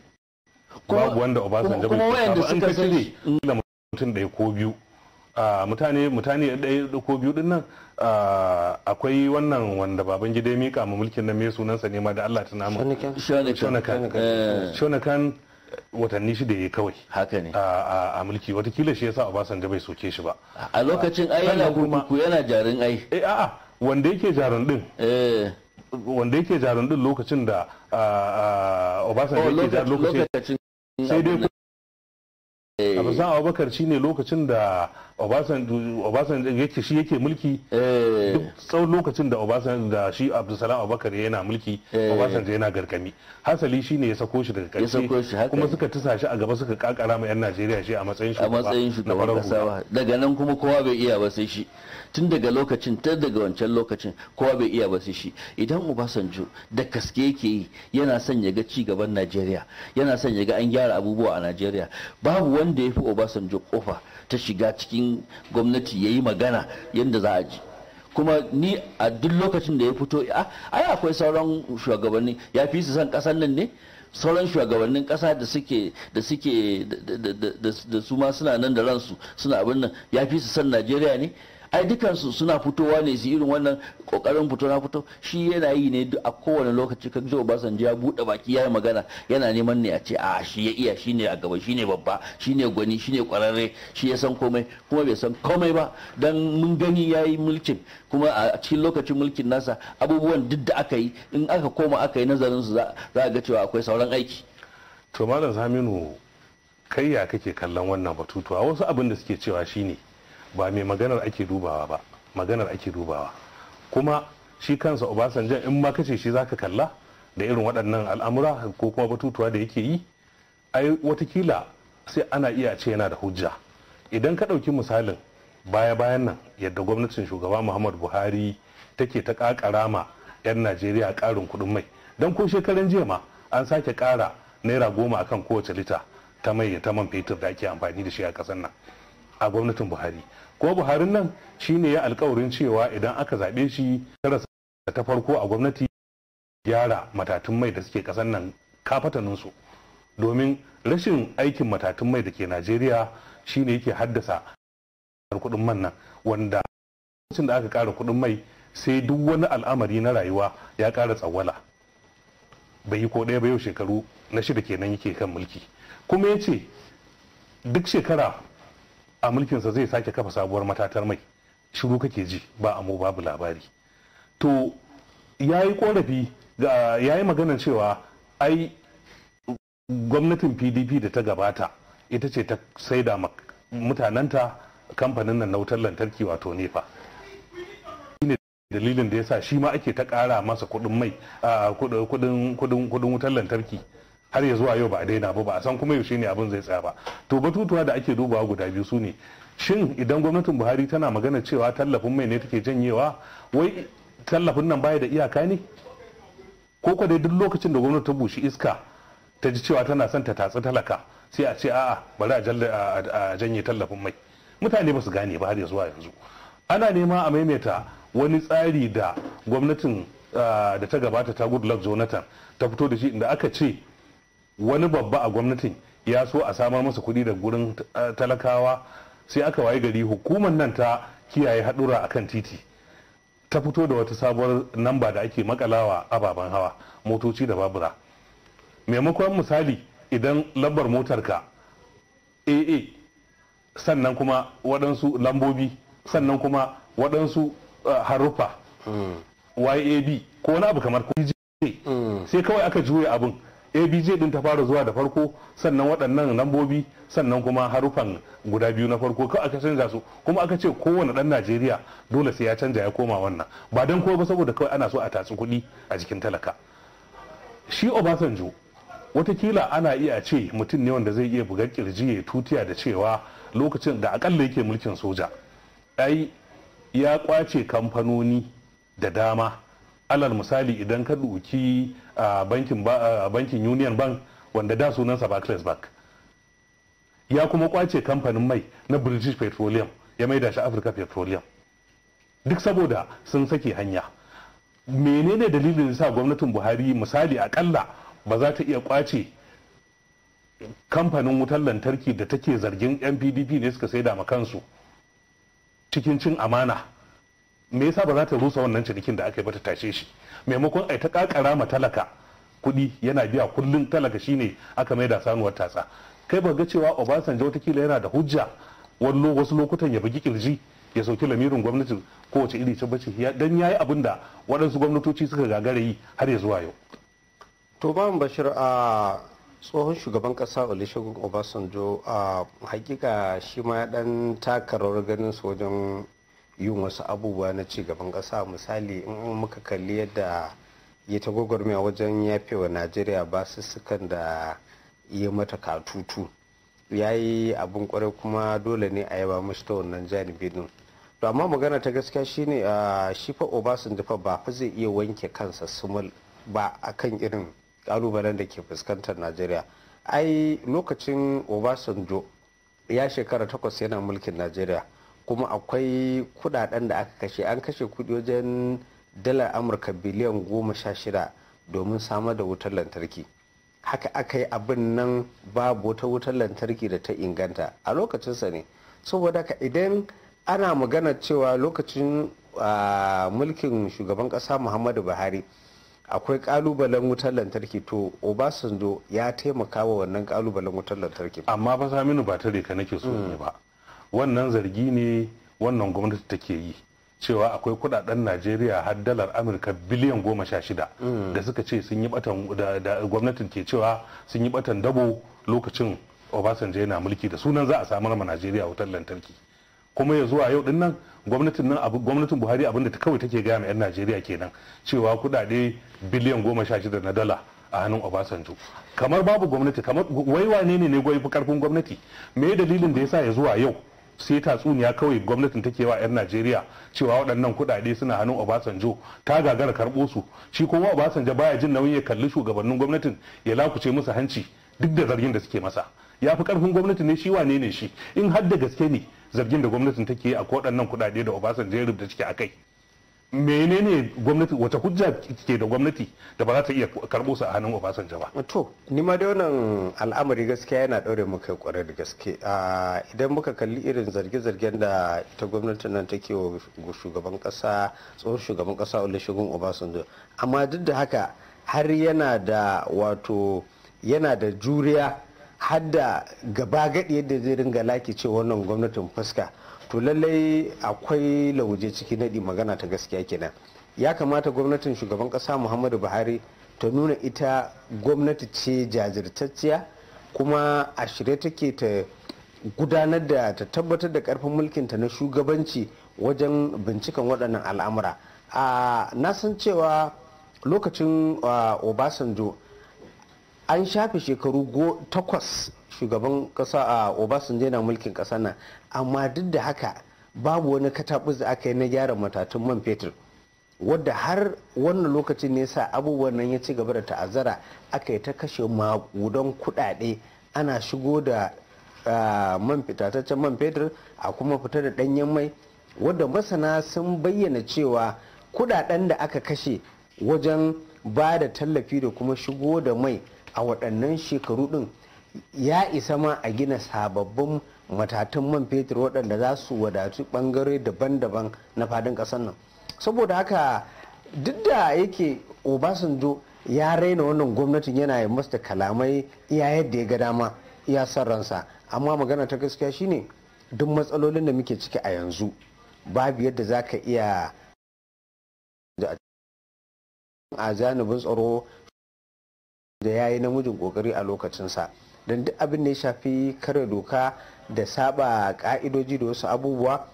babu wanda Obasanjo bai kuma an ka da mutum ɗaya ko biyu ah, mutane mutane ɗaya ko biyu din nan akwai wannan wanda baban gida ya mika ma mulkin nan mai sunansa ne ma da Allah ta namu shonakan shonakan eh. watanni shida ya kawai haka ne a mulki watakila shi yasa obasanjo bai soke shi ba a lokacin ai yana gurguku yana jarin ai eh a'a wanda yake jarin din eh. wanda yake jarin din lokacin da obasanjo oh, yake jarin lokacin sai dai Eh. Abasan Abubakar shi ne lokacin da Obasanjo yake shi yake mulki eh. duk tsawon lokacin da Obasanjo da shi Abdulsalam Abubakar yana mulki eh. Obasanjo yana garkami. Hasali shi ne ya sako shi daga karshe kuma suka tusa shi a gaba suka kakara ma 'yan Najeriya shi a matsayin shugaba. shugaban daga nan kuma kowa bai iya ba sai shi. tun daga lokacin ta daga wancan lokacin kowa bai iya ba shi idan obasanjo da gaske yake yi yana son ya ga ci gaban najeriya yana son ya ga an gyara abubuwa a najeriya babu wanda ya fi obasanjo kofa ta shiga cikin gwamnati ya yi magana yadda za a ji kuma ni a duk lokacin da ya fito ai akwai sauran shugabanni ya fi su son kasan nan ne sauran shugabannin kasa da suke da suke da su ma suna nan da ransu suna abin nan ya fi su san najeriya ne ai dukansu suna fitowa ne su irin wannan kokarin fito na fito shi yana yi ne a kowane lokaci kan jiwa basan ya buɗe baki ya magana yana neman ne a ce a shi ya iya shi ne a gaba shi ne babba shi ne gwani shi ne kwararre shi ya san komai kuma bai san komai ba dan mun gani yayi yi mulkin kuma a cikin lokacin mulkin nasa abubuwan duk da aka yi in aka koma aka yi nazarin su za a ga cewa akwai sauran aiki to malam saminu kai ya kake kallon wannan batutuwa wasu abin da suke cewa shine ba mai maganar ake dubawa ba maganar ake dubawa kuma shi kansa obasanjan in ma kace shi zaka kalla da irin waɗannan al'amura ko kuma batutuwa da yake yi ai watakila sai ana iya ce yana da hujja idan ka ɗauki misalin baya-bayan nan yadda gwamnatin shugaba muhammad buhari take ta ƙaƙara ma 'yan najeriya ƙarin kuɗin mai don ko shekaran jiya ma an sake ƙara naira goma akan kowace lita ta mai ta man fetur da ake amfani da shi a ƙasar nan a gwamnatin buhari kuma buharin nan shine ya alkawarin cewa idan aka zaɓe shi karasa ta farko a gwamnati gyara matatun mai da suke ƙasar nan kafataninsu domin rashin aikin matatun mai da ke najeriya shine yake haddasa kudin man nan wanda lokacin da aka ƙara kudin mai sai duk wani al'amari na rayuwa ya ƙara tsawala bai yi ko ɗaya ba yau shekaru na shida kenan yake kan mulki kuma ya ce duk shekara a mulkinsa zai sake kafa sabuwar matatar mai shiru kake ji ba amo babu labari to ya yi korafi ya yi maganar cewa ai gwamnatin pdp da ta gabata ita ce ta saida mutanenta kamfanin nan na wutar lantarki wato nefa ne dalilin da ya sa shi ma ake ta kara masa kudin mai kudin wutar lantarki har ya zuwa yau ba a daina ba ba a san kuma yaushe ne abin zai tsaya ba to batutuwa da ake dubawa guda biyu su ne shin idan gwamnatin buhari tana magana cewa tallafin mai ne take janyewa wai tallafin nan baya da iyaka ne ko kwa dai duk lokacin da gwamnati ta bushi iska ta ji cewa tana son ta tatsi talaka sai a ce a'a bari a janye tallafin mai mutane ba su gane ba har ya zuwa yanzu ana nema a maimaita wani tsari da gwamnatin ah, da ta gabata ta goodluck jonathan ta fito da shi inda aka ce wani babba a gwamnatin ya so a samar masa kuɗi da gurin eh, talakawa sai aka waye gari hukumar nan ta kiyaye haɗura akan titi ta fito da wata sabuwar namba da ake makalawa ababen hawa motoci da babura maimakon misali idan lambar motarka aa sannan kuma waɗansu lambobi sannan kuma waɗansu eh, haruffa hmm. yab ko wani abu kamar hmm. sai kawai aka juya abin abj din ta fara zuwa da farko sannan waɗannan lambobi sannan kuma harufan guda biyu na farko ka aka canza su kuma aka ce kowane ɗan najeriya dole sai ya canza ya koma wannan ba don kowa ba saboda kawai ana so a tatsi kuɗi a jikin talaka shi obasanjo watakila ana iya ce mutum ne wanda zai iya buga kirji ya tutiya da cewa lokacin da akalla yake mulkin soja ai ya kwace kamfanoni da dama alal misali idan ka duki bankin bankin union bank wanda da sunansa barclays bank ya kuma kwace kamfanin mai na british petroleum ya maida shi africa petroleum duk saboda sun sake hanya menene dalilin sa gwamnatin buhari misali akalla ba za ta iya kwace kamfanin wutar lantarki da take zargin npdp ne suka saida ma kansu cikin cin amana me yasa ba za ta rusa wannan cinikin da aka yi ba tashe shi maimakon ai ta kakara ma talaka kuɗi yana biya kullum talaka shine aka mai da sanuwar tatsa kai ba ga cewa obasanjo watakila yana da hujja wallo wasu lokutan ya bugi kirji ya sauki lamirin gwamnatin kowace iri can bace dan yayi abin da waɗansu gwamnatoci suka gagara yi har ya zuwa yau to ba bashir a tsohon shugaban kasa olusegun obasanjo a hakika shi ma ya dan taka rawar ganin su wajen yin wasu abubuwa na ci gaban ƙasa misali in muka kalli yadda ya ta gwagwarmiya wajen yafewa najeriya sukan da yi mata katutu ya yi abin kwarai kuma dole ne a yaba mashi ta wannan janibi din to amma magana ta gaskiya shine shi fa obasanjo fa ba fa zai iya wanke kansa sumul ba akan irin kalubalen da ke fuskantar najeriya ai lokacin obasanjo ya shekara takwas yana mulkin najeriya kuma akwai kudaden da aka kashe an kashe kudi wajen dalar amurka biliyan goma sha shida domin samar da wutar lantarki haka aka yi abin nan babu wata wutar lantarki da ta inganta a lokacinsa ne saboda ka idan ana magana cewa lokacin mulkin shugaban kasa muhammadu buhari akwai kalubalen wutar lantarki to obasanjo ya taimaka wa wannan kalubalen wutar lantarki amma ba saminu ba tare ka nake so ne ba wannan zargi ne wannan gwamnati take yi cewa akwai kudaden najeriya har dalar amurka biliyan goma sha shida mm. da suka ce sun yi batan da gwamnatin ke cewa sun yi batan dabo lokacin obasanjo yana mulki da sunan za a samar ma najeriya wutar lantarki kuma ya zuwa yau din nan gwamnatin nan gwamnatin buhari abinda ta kawai take gaya ma yan najeriya kenan cewa kudade biliyan goma sha shida na dala a hannun obasanjo kamar babu gwamnati kamar wai wane ne ne gwai karfin gwamnati me dalilin da yasa ya zuwa yau sai tatsuniya kawai gwamnatin take wa 'yan najeriya cewa waɗannan kuɗaɗe suna hannun obasanjo ta gagara karɓo su shi kuma obasanjo baya jin nauyin ya kalli shugabannin gwamnatin ya lakuce musu hanci duk da zargin da suke masa ya fi ƙarfin gwamnati ne shi wane ne shi in har da gaske ne zargin da gwamnatin take a waɗannan kuɗaɗe da obasanjo ya rubuta ciki a kai menene gwamnati wata hujja ke da gwamnati da ba za ta iya karbo su a hannun obasanjo ba to ni ma da wannan al'amari gaskiya yana daure mu kai kwarai da gaske idan muka kalli irin zarge-zargen da ta gwamnatin nan take wa shugaban kasa tsohon shugaban kasa olusegun obasanjo amma duk da haka har yana da wato yana da juriya har da gaba gadi yadda zai ringa laki ce wannan gwamnatin fuska to lallai akwai lauje ciki naɗi magana ta gaskiya kenan ya kamata gwamnatin shugaban ƙasa muhammadu buhari ta nuna ita gwamnati ce jajirtacciya kuma a shirye take ta gudanar da ta tabbatar da karfin mulkinta na shugabanci wajen binciken waɗannan al'amura na san cewa lokacin obasanjo an shafe shekaru takwas shugaban kasa a obasanjo yana mulkin kasa nan amma duk da haka babu wani katabu da aka yi na gyara matatun man fetur wadda har wannan lokacin ne sa abubuwan nan ya ci gaba da ta'azzara aka yi ta kashe maƙudan kuɗaɗe ana shigo da man fitataccen man fetur a kuma fita da ɗanyen mai wadda masana sun bayyana cewa kuɗaɗen da aka kashe wajen ba da tallafi da kuma shigo da mai a waɗannan shekaru ɗin ya isa ma a gina sababbin matatun man fetur waɗanda za su wadatu ɓangare daban-daban na fadin ƙasar nan saboda haka duk da yake obasanjo ya raina wannan gwamnatin yana yi masta kalamai iya yadda ya ga dama iya son ransa amma magana ta gaskiya shine duk matsalolin da muke ciki a yanzu babu yadda za ka iya a janibin tsaro da ya yi namijin kokari a lokacinsa don duk abin da ya shafi kare doka da saba ka'idoji da wasu abubuwa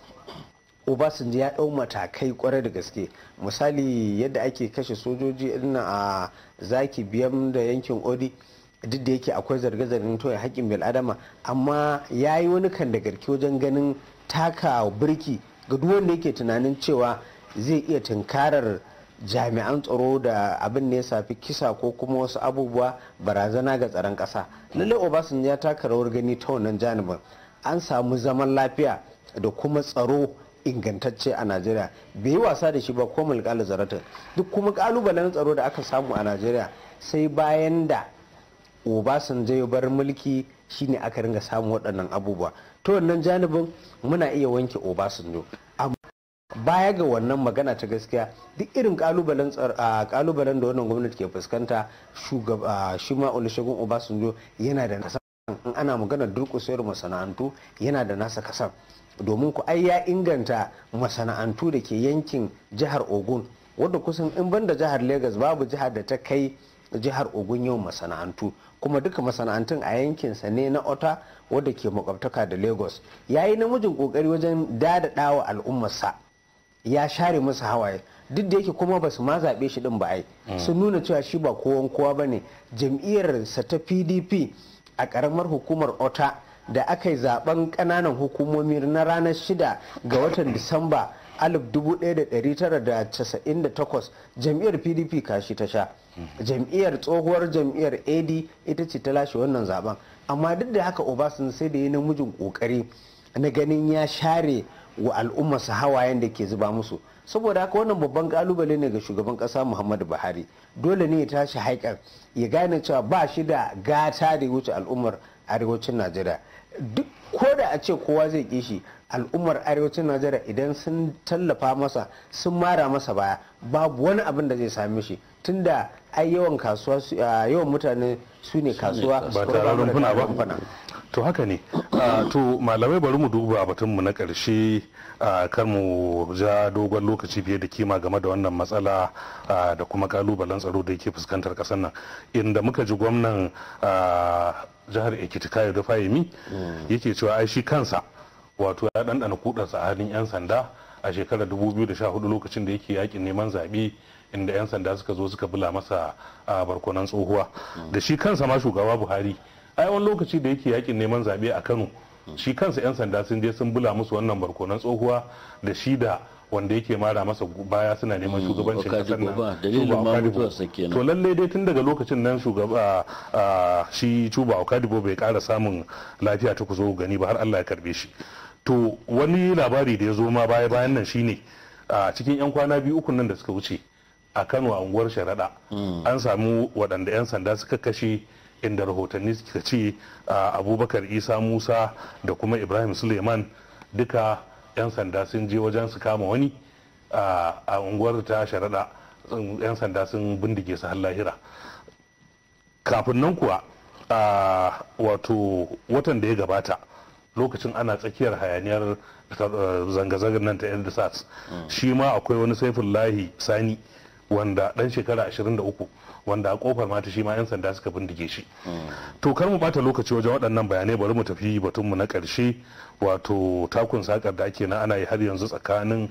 obasanjo ya ɗau matakai kwarai da gaske misali yadda ake kashe sojoji ina a zaki biyan da yankin odi duk da yake akwai zarge-zargen toya haƙƙin bil'adama amma ya yi wani kan da garki wajen ganin taka birki ga duk wanda yake tunanin cewa zai iya tunkarar jami'an tsaro da abin ne ya safi kisa ko kuma wasu abubuwa barazana ga tsaron ƙasa lallai obasanjo ya taka rawar gani ta wannan janibin an samu zaman lafiya da kuma tsaro ingantacce a najeriya bai yi wasa da shi ba ko mulkali zaratin duk kuma kalubalen tsaro da aka samu a najeriya sai bayan da obasanjo ya bar mulki shine aka ringa samun waɗannan abubuwa ta wannan janibin muna iya wanke obasanjo baya ga wannan magana ta gaskiya duk irin kalubalen kalubalen da wannan gwamnati ke fuskanta shugaba shi ma olusegun obasanjo yana da nasa in ana maganar durkusayar masana'antu yana da nasa kasan domin ku ai ya inganta masana'antu da ke yankin jihar ogun wadda kusan in banda jihar Legas babu jihar da ta kai jihar ogun yau masana'antu kuma duka masana'antun a yankinsa ne na ota wadda ke makwabtaka da lagos ya yi namijin kokari wajen ɗawa al'ummarsa ya share musu hawaye duk da yake kuma ba su ma zaɓe shi ɗin ba ai mm. sun nuna cewa shi ba kowan kowa ba ne sa ta pdp a ƙaramar hukumar ota da aka yi zaɓen ƙananan hukumomi na ranar shida ga watan disamba 1998 jam'iyyar pdp kashi ta sha mm. jam'iyyar tsohuwar jam'iyyar ad ita ce ta lashe wannan zaben amma duk da haka sun sai da yi namijin ƙoƙari na ganin ya share wa su hawayen da ke zuba musu saboda haka wannan babban kalubale ne ga shugaban kasa muhammadu buhari dole ne ya tashi haikar ya gane cewa ba shi da gata da wuce al'ummar arewacin najeriya duk ko da a ce kowa zai ƙi shi al'ummar arewacin najeriya idan sun tallafa masa sun mara masa baya babu wani abin da zai same shi tunda ai yawan kasuwa yawan mutane su ne kasuwa ba tare rumfuna ba to haka ne ah, to malamai bari mu duba batunmu na ƙarshe ah, kar mu ja dogon lokaci fiye da kima game da wannan matsala ah, da kuma kalubalen tsaro da yake fuskantar ƙasar nan inda muka ji gwamnan jihar ekiti kayo da fahimi hmm. yake cewa ai shi kansa wato ya ɗanɗana sa a halin 'yan sanda a shekarar 2014 lokacin da yake yakin neman zaɓe inda 'yan sanda suka zo suka bula masa a barkonan tsohuwa hmm. da shi kansa ma shugaba buhari ai wani lokaci da yake yakin neman zaɓe a kano shi kansa 'yan sanda sun je sun bula musu wannan barkonan tsohuwa da shi da wanda yake mara masa baya suna neman mm, shugabancin kasar nan to lalle dai tun daga lokacin nan shugaba shi cuba okadibo bai kara samun lafiya ta kuzo gani ba har allah ya karbe shi to wani labari da ya zo ma baya bayan nan shine a cikin yan kwana biyu uku nan da suka wuce a kano a unguwar sharaɗa mm. an samu waɗanda 'yan sanda suka kashe inda rahotanni suka ce abubakar isa musa da kuma ibrahim suleiman duka 'yan sanda sun je wajen su kama wani a unguwar ta sharaɗa 'yan sanda sun bindige su har lahira kafin nan kuwa wato watan da ya gabata lokacin ana tsakiyar hayaniyar eh, zanga-zangar nan ta yan sas hmm. shi ma akwai wani saifin lahi sani wanda dan shekara 23 wanda a kofar mata shi ma 'yan sanda suka bindige shi to kar mu bata lokaci wajen waɗannan bayanai bari mu tafi batun mu na ƙarshe wato takun sakar da ake na ana yi har yanzu tsakanin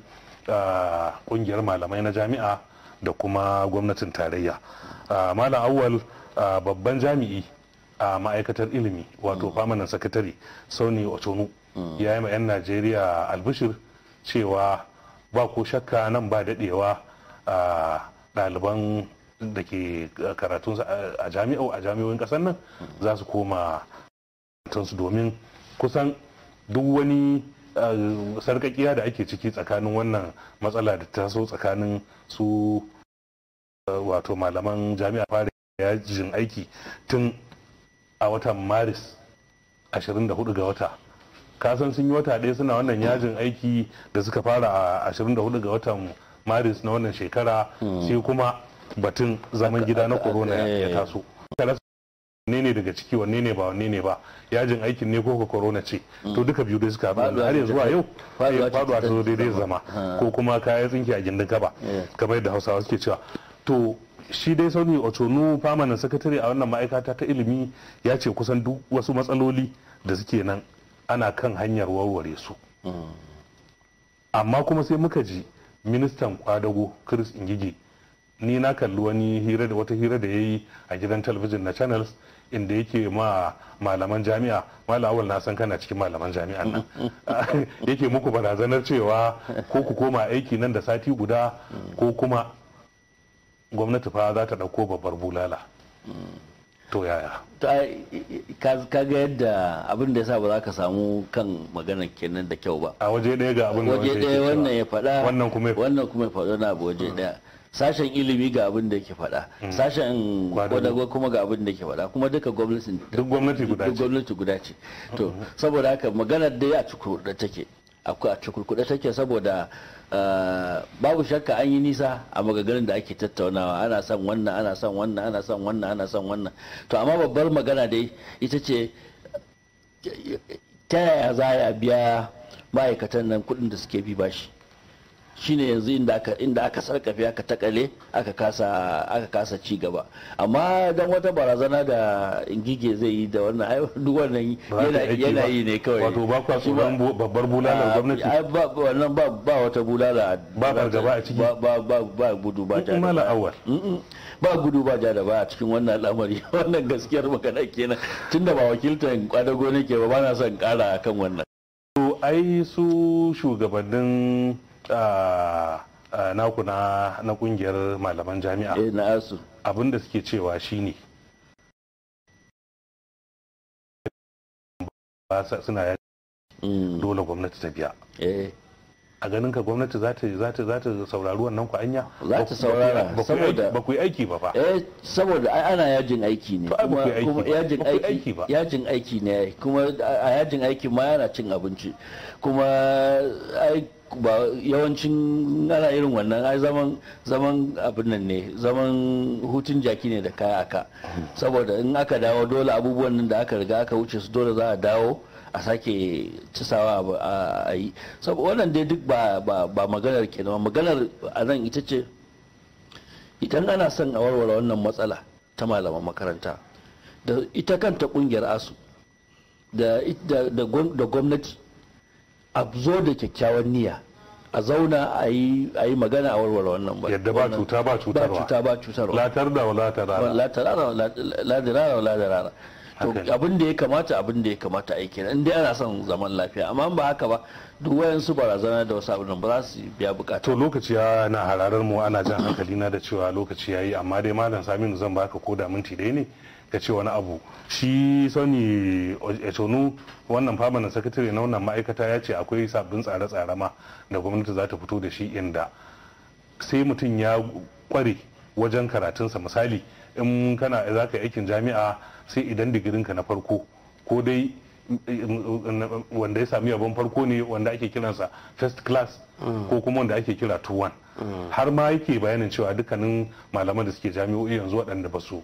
ah, ƙungiyar malamai na jami'a da kuma gwamnatin tarayya ah, malam awwal ah, babban jami'i a ma'aikatar ilimi wato famanan mm. sakatare sauni otonu mm. ya yi ma 'yan najeriya albishir cewa ba ko shakka nan ba daɗewa ɗaliban da ke eh, karatun a jami'o a jami'o'in kasar nan za su koma su domin kusan duk wani eh, sarkakiya da ake ciki tsakanin wannan matsala da taso tsakanin su eh, wato malaman jami'a fara yajin aiki tun a watan maris 24 ga wata kasan sun yi wata ɗaya suna wannan yajin aiki da suka fara a 24 ga watan maris na wannan shekara hmm. sai kuma batun zaman gida na corona ya eh. taso wanne ne daga ciki wanne ne ba wanne ne ba yajin aikin ne ko corona ce to hmm. duka biyu da suka haɗu har yanzu a yau faduwa ta zo daidai zama ko kuma kaya tsinki a gindin kaba eh. kamar yadda hausawa suke cewa to shi dai sauni oconu famanin sakatare a wannan ma'aikata ta ilimi ya ce kusan duk wasu matsaloli da suke nan ana kan hanyar warware su hmm. amma kuma sai muka ji ministan kwadago chris ingige ni na kalli wani hira da wata hira da ya yi a gidan talabijin na channels inda yake ma malaman jami'a Awal na san kana cikin malaman jami'an nan <laughs> yake muku barazanar cewa ko ku koma aiki nan da sati guda ko kuma gwamnati fa za ta ɗauko babbar bulala to yaya ka ga yadda abin da yasa ba za ka samu kan maganar kenan da kyau ba a waje ɗaya ga abin da waje ɗaya wannan ya faɗa wannan kuma ya faɗa wannan kuma ya faɗa na waje hmm. ɗaya sashen ilimi ga abin da ke faɗa mm. sashen kwadago kuma ga abin da ke faɗa kuma duka gwamnati duk gwamnati guda ce mm-hmm. to saboda haka magana da ya da take akwai a cikurkuɗe take saboda uh, babu shakka an yi nisa a magagarin da ake tattaunawa ana son wannan ana son wannan ana son wannan ana son wannan to amma babbar magana dai ita ce ta yaya za a biya ma'aikatan nan kuɗin da suke bi bashi shine yanzu inda aka inda aka sarkafe aka takale aka kasa aka kasa ci gaba amma don wata barazana da ingige zai yi da wannan ai duk wannan yana yi ne kawai wato ba kwa tsoron babbar bulala gwamnati ai ba wannan ba wata bulala ba fargaba a ciki ba ba ba gudu ba ja da ba mm, mm. ba gudu ba ja da ba a cikin wannan al'amari <laughs> wannan gaskiyar magana kenan tunda ba wakiltan kwadago ke ba ba na son kara akan wannan to ai su shugabannin naku na kungiyar malaman jami'a eh, abin da suke cewa shine suna ya mm. dole gwamnati ta biya eh. a ganin ka gwamnati za ta za ta za ta saurari wannan ku anya za ta saurara saboda ba ku yi aiki ba fa eh saboda ai ana yajin aiki ne kuma yajin aiki yajin aiki ne kuma a yajin aiki ma yana cin abinci kuma ai ba yawancin ana irin wannan ai zaman zaman abin nan ne zaman hutun jaki ne da kaya aka saboda in aka dawo dole abubuwan nan da aka riga aka wuce su dole za a dawo a sake cisawa a yi saboda wannan dai duk ba ba maganar kenan maganar a nan ita ce idan ana son a warware wannan matsala ta malaman makaranta da ita kanta kungiyar asu da gwamnati a zo da kyakkyawan niyya a zauna a yi magana a warware wannan ba yadda ba cuta ba cutarwa ba cuta ba cutarwa latar da wa latarara ladarara ladirara wa ladirara to abin da ya kamata abin da ya kamata aiki na inda ana son zaman lafiya amma ba haka ba duk wayansu barazana da wasu abin ba za su biya bukata to lokaci ya na hararar mu ana jan hankali na da cewa lokaci ya yi amma dai malam Saminu zan baka koda minti dai ne ya ce wani abu shi sani echonu wannan famanin sakatare na wannan ma'aikata ya ce akwai sabbin tsare-tsare ma da gwamnati za ta fito da shi inda sai mutum ya kware wajen karatunsa misali in kana za ka yi aikin jami'a sai idan digirinka na farko ko dai wanda ya sami yabon farko ne wanda ake kiransa first class ko kuma wanda ake kira 2-1 mm. har ma yake bayanin cewa dukkanin malaman da suke jami'o'i yanzu waɗanda ba su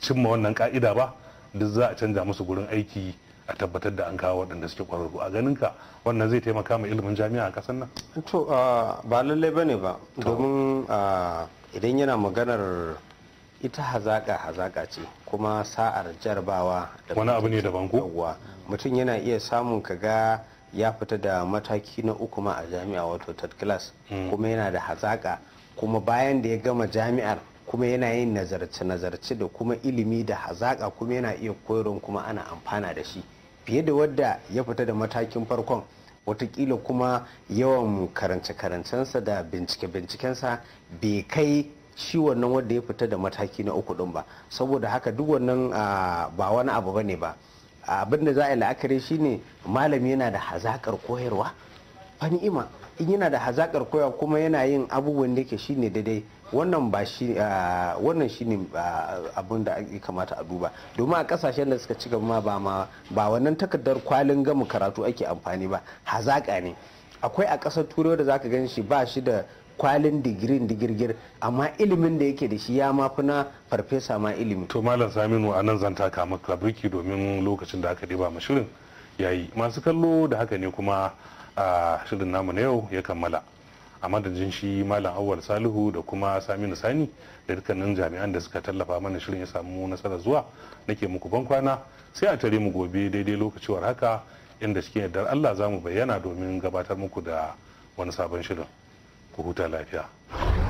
cimma wannan ka'ida ba duk za a canza musu gurin aiki a tabbatar da an kawo waɗanda suke ƙwararru a ganin wannan zai taimaka ma ilimin jami'a a ƙasar nan to ba lallai ne ba domin idan yana maganar ita hazaƙa hazaƙa ce kuma sa'ar jarabawa wani abu ne daban ko mutum yana iya samun kaga ya fita da mataki na uku ma a jami'a wato third class hmm. kuma yana da hazaƙa kuma bayan da ya gama jami'ar kuma yana yin nazarce-nazarce da kuma ilimi da hazaƙa kuma yana iya koyarwa kuma ana amfana da shi fiye da wadda ya fita da matakin farkon watakila kuma yawan karance-karancensa da bincike-bincikensa bai kai shi wannan wadda ya fita da mataki na uku ɗin ba saboda haka duk wannan ba wani abu ba ne ba abin da za a yi la'akari shi ne malami yana da hazaƙar koyarwa fani'ima in yana da hazaƙar koyarwa kuma yana yin abubuwan da ke shine daidai wannan ba shi ah, wannan shine abin ah, da ake kamata a duba domin a kasashen da suka ci gaba ba ma ba wannan takardar kwalin gama karatu ake amfani ba hazaka ne akwai a kasar turai da zaka gan shi ba shi da kwalin digirin digirgir amma ilimin da yake da shi ya mafi na farfesa ma ilimi to malam saminu a nan zanta taka maka birki domin lokacin da aka diba ma shirin yayi masu kallo da haka ne kuma ah, shirin namu na yau ya kammala a madadin shi malam awwal salihu da kuma saminu sani da dukkanin jami'an da suka tallafa mana shirin ya samu nasarar zuwa nake muku ban kwana sai a tare mu gobe daidai lokaciwar haka inda cikin yardar allah za mu bayyana domin gabatar muku da wani sabon shirin ku huta lafiya